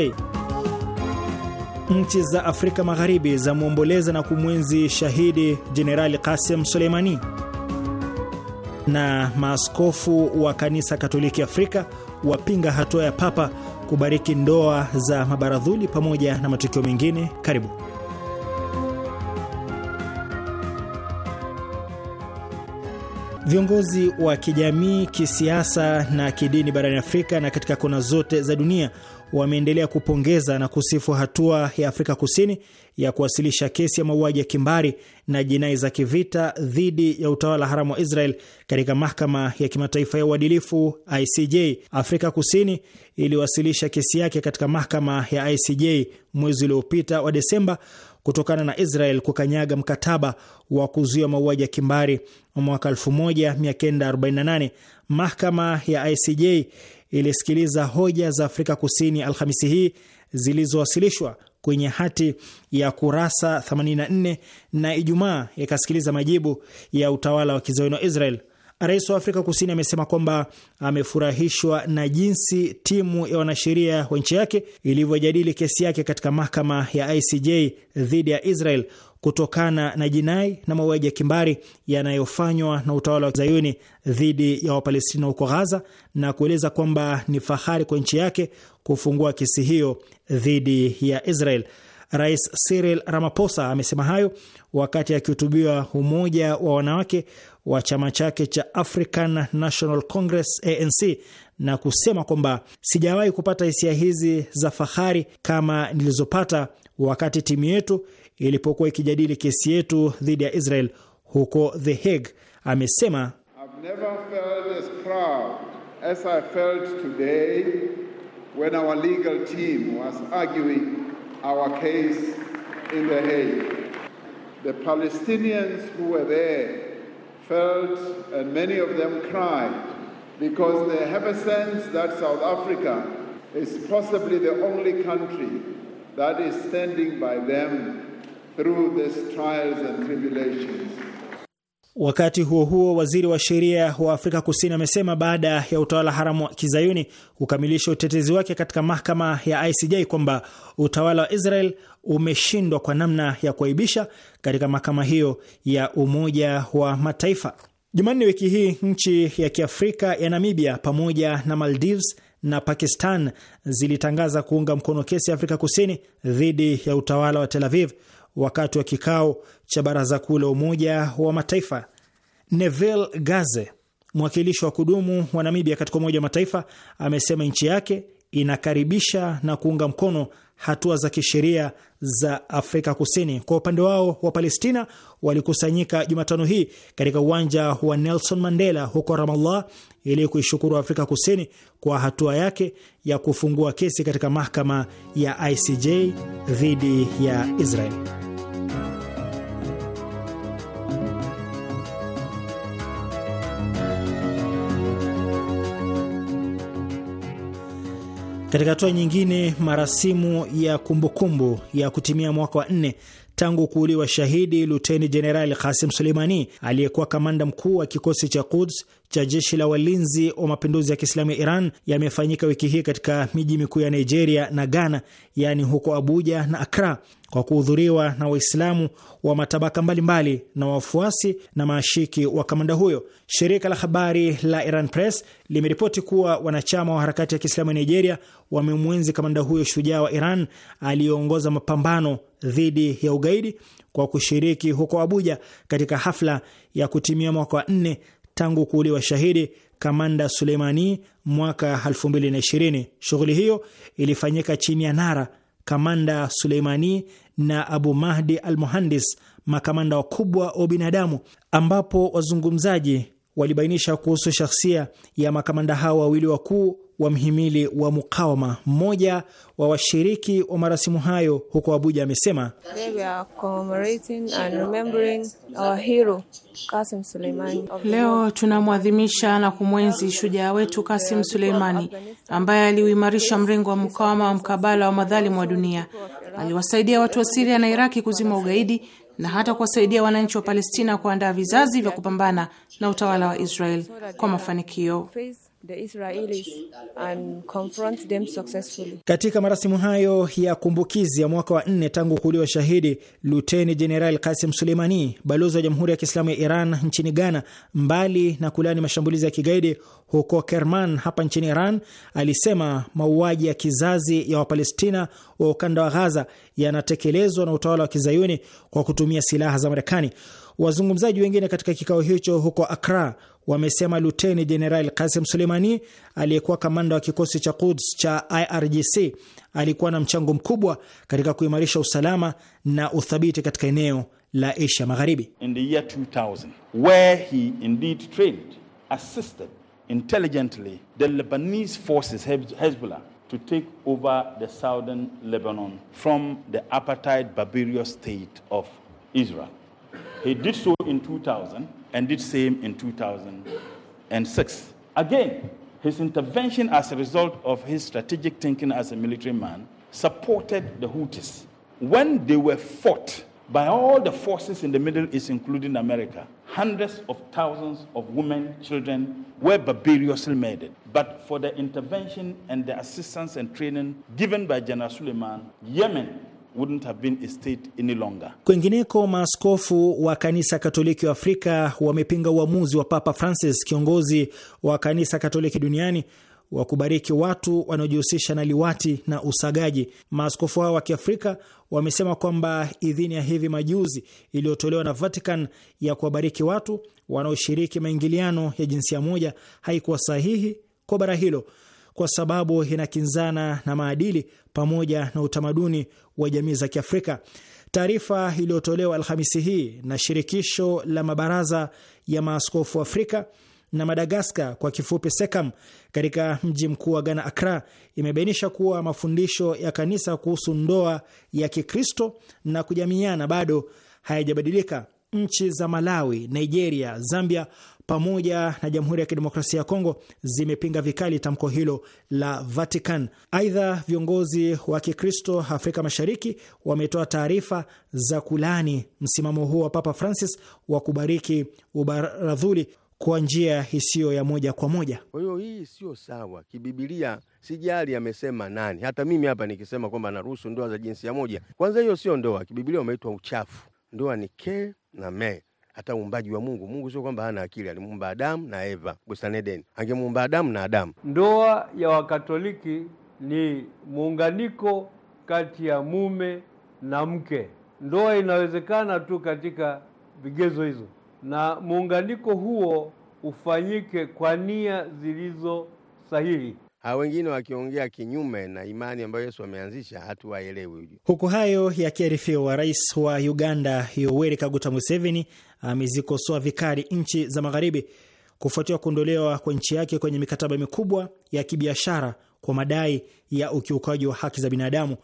nchi za Afrika Magharibi zamwomboleza na kumwenzi shahidi Jenerali kasim Suleimani, na maaskofu wa Kanisa Katoliki Afrika wapinga hatua ya Papa kubariki ndoa za mabaradhuli, pamoja na matukio mengine. Karibu. Viongozi wa kijamii, kisiasa na kidini barani Afrika na katika kona zote za dunia wameendelea kupongeza na kusifu hatua ya Afrika Kusini ya kuwasilisha kesi ya mauaji ya kimbari na jinai za kivita dhidi ya utawala haramu wa Israel katika mahakama ya kimataifa ya uadilifu ICJ. Afrika Kusini iliwasilisha kesi yake katika mahakama ya ICJ mwezi uliopita wa Desemba kutokana na Israel kukanyaga mkataba wa kuzuia mauaji ya kimbari mwaka 1948. Mahakama ya ICJ ilisikiliza hoja za Afrika Kusini Alhamisi hii zilizowasilishwa kwenye hati ya kurasa 84 na Ijumaa ikasikiliza majibu ya utawala wa kizayuni wa Israel. Rais wa Afrika Kusini amesema kwamba amefurahishwa na jinsi timu ya wanasheria wa nchi yake ilivyojadili kesi yake katika mahakama ya ICJ dhidi ya Israel kutokana na jinai na mauaji ya kimbari yanayofanywa na utawala wa Zayuni dhidi ya Wapalestina huko Ghaza na kueleza kwamba ni fahari kwa nchi yake kufungua kesi hiyo dhidi ya Israel. Rais Cyril Ramaphosa amesema hayo wakati akihutubiwa umoja wa wanawake wa chama chake cha African National Congress ANC na kusema kwamba sijawahi kupata hisia hizi za fahari kama nilizopata wakati timu yetu ilipokuwa ikijadili kesi yetu dhidi ya Israel huko The Hague, amesema I've never felt as proud as I felt today when our legal team was arguing our case in The Hague. The Palestinians who were there felt and many of them cried because they have a sense that South Africa is possibly the only country that is standing by them through these trials and tribulations. Wakati huo huo, waziri wa sheria wa Afrika Kusini amesema baada ya utawala haramu wa kizayuni kukamilisha utetezi wake katika mahakama ya ICJ kwamba utawala wa Israel umeshindwa kwa namna ya kuaibisha katika mahakama hiyo ya Umoja wa Mataifa. Jumanne wiki hii nchi ya kiafrika ya Namibia pamoja na Maldives na Pakistan zilitangaza kuunga mkono kesi ya Afrika Kusini dhidi ya utawala wa Tel Aviv wakati wa kikao cha Baraza Kuu la Umoja wa Mataifa. Neville Gaze, mwakilishi wa kudumu wa Namibia katika Umoja wa Mataifa, amesema nchi yake inakaribisha na kuunga mkono hatua za kisheria za Afrika Kusini. Kwa upande wao wa Palestina walikusanyika Jumatano hii katika uwanja wa Nelson Mandela huko Ramallah ili kuishukuru Afrika Kusini kwa hatua yake ya kufungua kesi katika mahakama ya ICJ dhidi ya Israel. Katika hatua nyingine, marasimu ya kumbukumbu kumbu ya kutimia mwaka wa nne tangu kuuliwa shahidi Luteni Jenerali Kasim Suleimani, aliyekuwa kamanda mkuu wa kikosi cha Quds cha jeshi la walinzi wa mapinduzi ya Kiislamu ya Iran yamefanyika wiki hii katika miji mikuu ya Nigeria na Ghana, yaani huko Abuja na Akra, kwa kuhudhuriwa na Waislamu wa matabaka mbalimbali mbali na wafuasi na maashiki wa kamanda huyo. Shirika la habari la Iran Press limeripoti kuwa wanachama wa harakati ya Kiislamu ya Nigeria wamemwenzi kamanda huyo shujaa wa Iran aliyeongoza mapambano dhidi ya ugaidi kwa kushiriki huko Abuja katika hafla ya kutimia mwaka wa nne tangu kuuliwa shahidi kamanda Suleimani mwaka 2020. Shughuli hiyo ilifanyika chini ya nara kamanda Suleimani na Abu Mahdi al Muhandis, makamanda wakubwa wa binadamu, ambapo wazungumzaji walibainisha kuhusu shakhsia ya makamanda hao wawili wakuu wa mhimili wa mukawama. Mmoja wa washiriki wa marasimu hayo huko Abuja amesema leo tunamwadhimisha na kumwenzi shujaa wetu Kasim Suleimani ambaye aliuimarisha mrengo wa mukawama wa mkabala wa madhalimu wa dunia. Aliwasaidia watu wa Siria na Iraki kuzima ugaidi na hata kuwasaidia wananchi wa Palestina kuandaa vizazi vya kupambana na utawala wa Israel kwa mafanikio. The Israelis and confront them successfully. Katika marasimu hayo ya kumbukizi ya mwaka wa nne tangu kuuliwa shahidi Luteni Jeneral Kasim Suleimani, balozi wa Jamhuri ya Kiislamu ya Iran nchini Ghana, mbali na kulaani mashambulizi ya kigaidi huko Kerman hapa nchini Iran, alisema mauaji ya kizazi ya Wapalestina wa ukanda wa Ghaza yanatekelezwa na utawala wa kizayuni kwa kutumia silaha za Marekani. Wazungumzaji wengine katika kikao hicho huko Akra wamesema Luteni Jenerali Kasim Suleimani aliyekuwa kamanda wa kikosi cha Quds cha IRGC alikuwa na mchango mkubwa katika kuimarisha usalama na uthabiti katika eneo la Asia Magharibi. In the year 2000, where he indeed trained, assisted intelligently the Lebanese forces Hezbollah to take over the southern Lebanon from the apartheid barbarous state of Israel. He did so in 2000 and did same in 2006. Again, his intervention as a result of his strategic thinking as a military man supported the Houthis. When they were fought by all the forces in the Middle East, including America, hundreds of thousands of women, children were barbarously murdered. But for the intervention and the assistance and training given by General Suleiman, Yemen wouldn't have been a state any longer. Kwengineko, maaskofu wa kanisa Katoliki wa Afrika wamepinga uamuzi wa Papa Francis, kiongozi wa kanisa Katoliki duniani wa kubariki watu wanaojihusisha na liwati na usagaji. Maaskofu hao wa Kiafrika wamesema kwamba idhini ya hivi majuzi iliyotolewa na Vatican ya kuwabariki watu wanaoshiriki maingiliano ya jinsia moja haikuwa sahihi kwa bara hilo kwa sababu inakinzana na maadili pamoja na utamaduni wa jamii za Kiafrika. Taarifa iliyotolewa Alhamisi hii na shirikisho la mabaraza ya maaskofu Afrika na Madagaskar kwa kifupi SEKAM katika mji mkuu wa Ghana, Akra, imebainisha kuwa mafundisho ya kanisa kuhusu ndoa ya Kikristo na kujamiana bado hayajabadilika nchi za Malawi, Nigeria, Zambia pamoja na Jamhuri ya Kidemokrasia ya Kongo zimepinga vikali tamko hilo la Vatican. Aidha, viongozi wa Kikristo Afrika Mashariki wametoa taarifa za kulani msimamo huo wa Papa Francis wa kubariki ubaradhuli kwa njia isiyo ya moja kwa moja. Kwa hiyo hii sio sawa kibibilia. Sijali amesema nani, hata mimi hapa nikisema kwamba naruhusu ndoa za jinsia moja, kwanza hiyo sio ndoa. Kibibilia umeitwa uchafu ndoa ni Ke na me hata uumbaji wa Mungu. Mungu sio kwamba hana akili, alimuumba Adamu na Eva bustani Edeni, angemuumba Adamu na Adamu. Ndoa ya Wakatoliki ni muunganiko kati ya mume na mke. Ndoa inawezekana tu katika vigezo hizo, na muunganiko huo ufanyike kwa nia zilizo sahihi. Hawa wengine wakiongea kinyume na imani ambayo Yesu ameanzisha hatuwaelewi. Huku hayo yakiarifiwa, rais wa Uganda Yoweri Kaguta Museveni amezikosoa vikali nchi za magharibi kufuatia kuondolewa kwa nchi yake kwenye mikataba mikubwa ya kibiashara kwa madai ya ukiukaji wa haki za binadamu.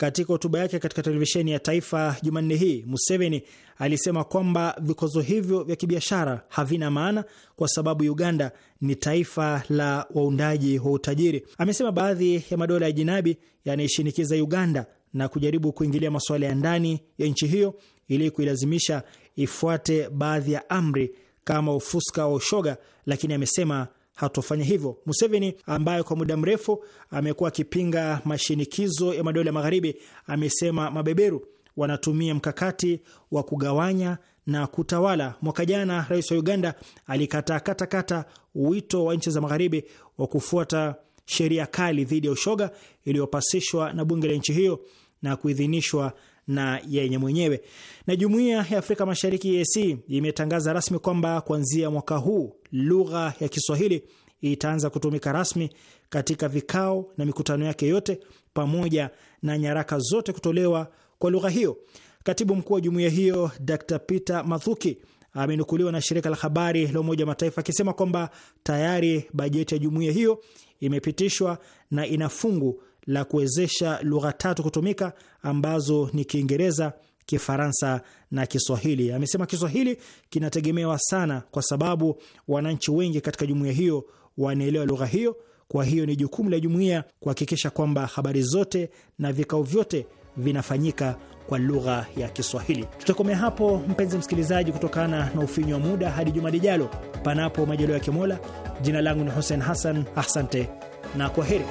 Katika hotuba yake katika televisheni ya taifa Jumanne hii, Museveni alisema kwamba vikwazo hivyo vya kibiashara havina maana kwa sababu Uganda ni taifa la waundaji wa utajiri. Amesema baadhi ya madola ya jinabi yanaishinikiza Uganda na kujaribu kuingilia masuala ya ndani ya nchi hiyo ili kuilazimisha ifuate baadhi ya amri kama ufuska wa ushoga, lakini amesema hatofanya hivyo. Museveni ambaye kwa muda mrefu amekuwa akipinga mashinikizo ya madola magharibi, amesema mabeberu wanatumia mkakati wa kugawanya na kutawala. Mwaka jana rais wa Uganda alikataa kata katakata wito wa nchi za magharibi wa kufuata sheria kali dhidi ya ushoga iliyopasishwa na bunge la nchi hiyo na kuidhinishwa na yenye mwenyewe. Na jumuiya ya Afrika Mashariki EAC imetangaza rasmi kwamba kuanzia mwaka huu lugha ya Kiswahili itaanza kutumika rasmi katika vikao na mikutano yake yote pamoja na nyaraka zote kutolewa kwa lugha hiyo. Katibu mkuu wa jumuiya hiyo Dr Peter Mathuki amenukuliwa na shirika la habari la Umoja wa Mataifa akisema kwamba tayari bajeti ya jumuiya hiyo imepitishwa na ina fungu la kuwezesha lugha tatu kutumika ambazo ni Kiingereza, Kifaransa na Kiswahili. Amesema Kiswahili kinategemewa sana kwa sababu wananchi wengi katika jumuiya hiyo wanaelewa lugha hiyo. Kwa hiyo ni jukumu la jumuiya kuhakikisha kwamba habari zote na vikao vyote vinafanyika kwa lugha ya Kiswahili. Tutakomea hapo mpenzi msikilizaji, kutokana na ufinyu wa muda, hadi juma lijalo, panapo majaliwa ya Kimola. Jina langu ni Hussein Hassan, asante na kwaheri.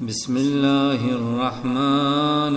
بسم الله الرحمن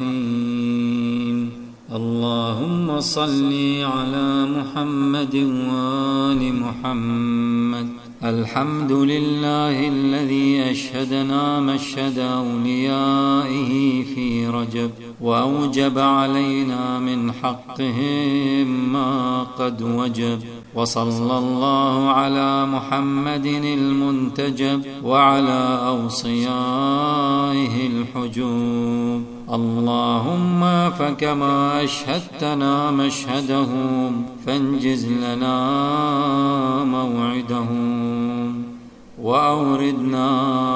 الرحيم اللهم صل على محمد وآل محمد الحمد لله الذي أشهدنا مشهد أوليائه في رجب وأوجب علينا من حقهم ما قد وجب وصلى الله على محمد المنتجب وعلى أوصيائه الحجوب اللهم فكما أشهدتنا مشهدهم فانجز لنا موعدهم وأوردنا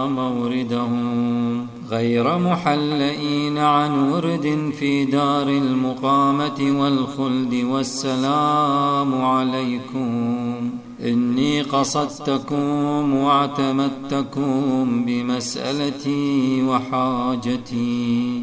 موردهم غير محلئين عن ورد في دار المقامة والخلد والسلام عليكم إني قصدتكم واعتمدتكم بمسألتي وحاجتي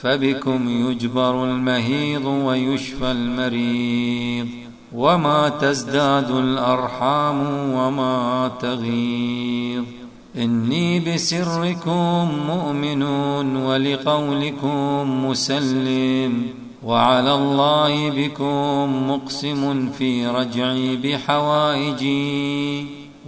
فبكم يجبر المهيض ويشفى المريض وما تزداد الأرحام وما تغيض إني بسركم مؤمن ولقولكم مسلم وعلى الله بكم مقسم في رجعي بحوائجي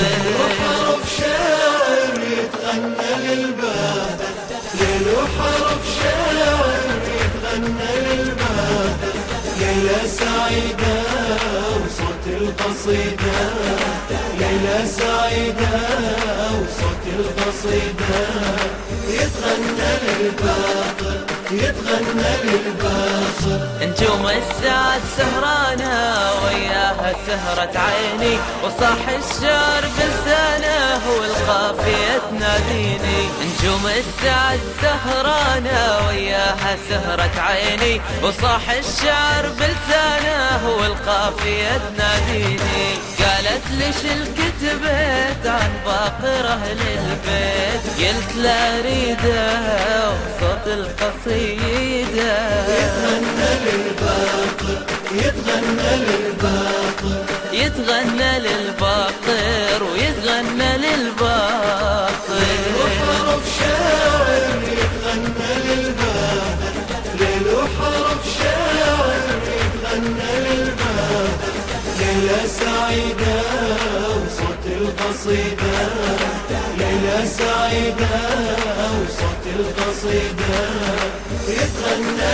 وحرف شاعر يتغنى للبادر ليل وحرف ليلة سعيدة وصوت القصيدة ليلة سعيدة وصوت القصيدة يتغنى للبادر يتغنى للباخر نجوم الساعة سهرانة وياها سهرة عيني وصاح الشعر بلسانه والخافية تناديني نجوم الساعة سهرانة وياها سهرة عيني وصاح الشعر بلسانه والقافية تناديني قالت ليش الكتبت عن باقره للبيت قلت لا اريده وصوت القصيده يتغنى للباقر يتغنى للباقر يتغنى للباقر ويتغنى للباقر وحروف شاعر يتغنى سعيدة وصوت القصيدة ليلة سعيدة وصوت القصيدة يتغنى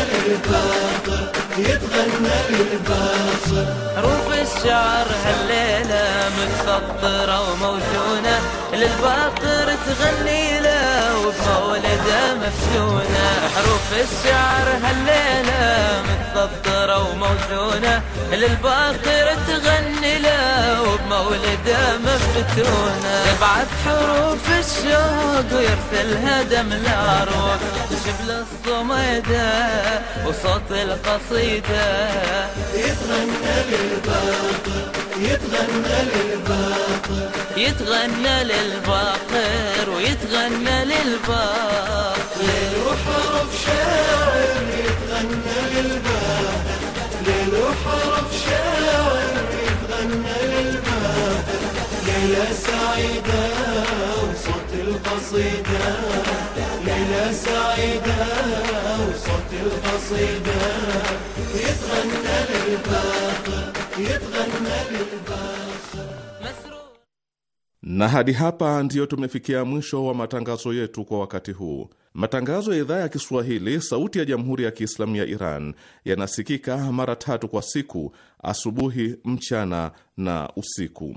يتغنى روح الشعر هالليلة متفطرة وموزونة للباقر تغني له وبمولده مفتونة حروف الشعر هالليلة متفطرة وموزونة للباقر تغني له وبمولده مفتونة سبعة حروف الشوق في الهدم روح تشب الصميدة وصوت القصيدة يتغنى للباقر يتغنى للباقر يتغنى للباقر ويتغنى للباقر ليل وحرف شاعر يتغنى للباقر ليل وحرف شاعر يتغنى للباقر ليلة سعيدة وصوت القصيدة ليلة سعيدة وصوت القصيدة يتغنى يتغنى na hadi hapa ndiyo tumefikia mwisho wa matangazo yetu kwa wakati huu. Matangazo ya idhaa ya Kiswahili sauti ya jamhuri ya Kiislamu ya Iran yanasikika mara tatu kwa siku: asubuhi, mchana na usiku.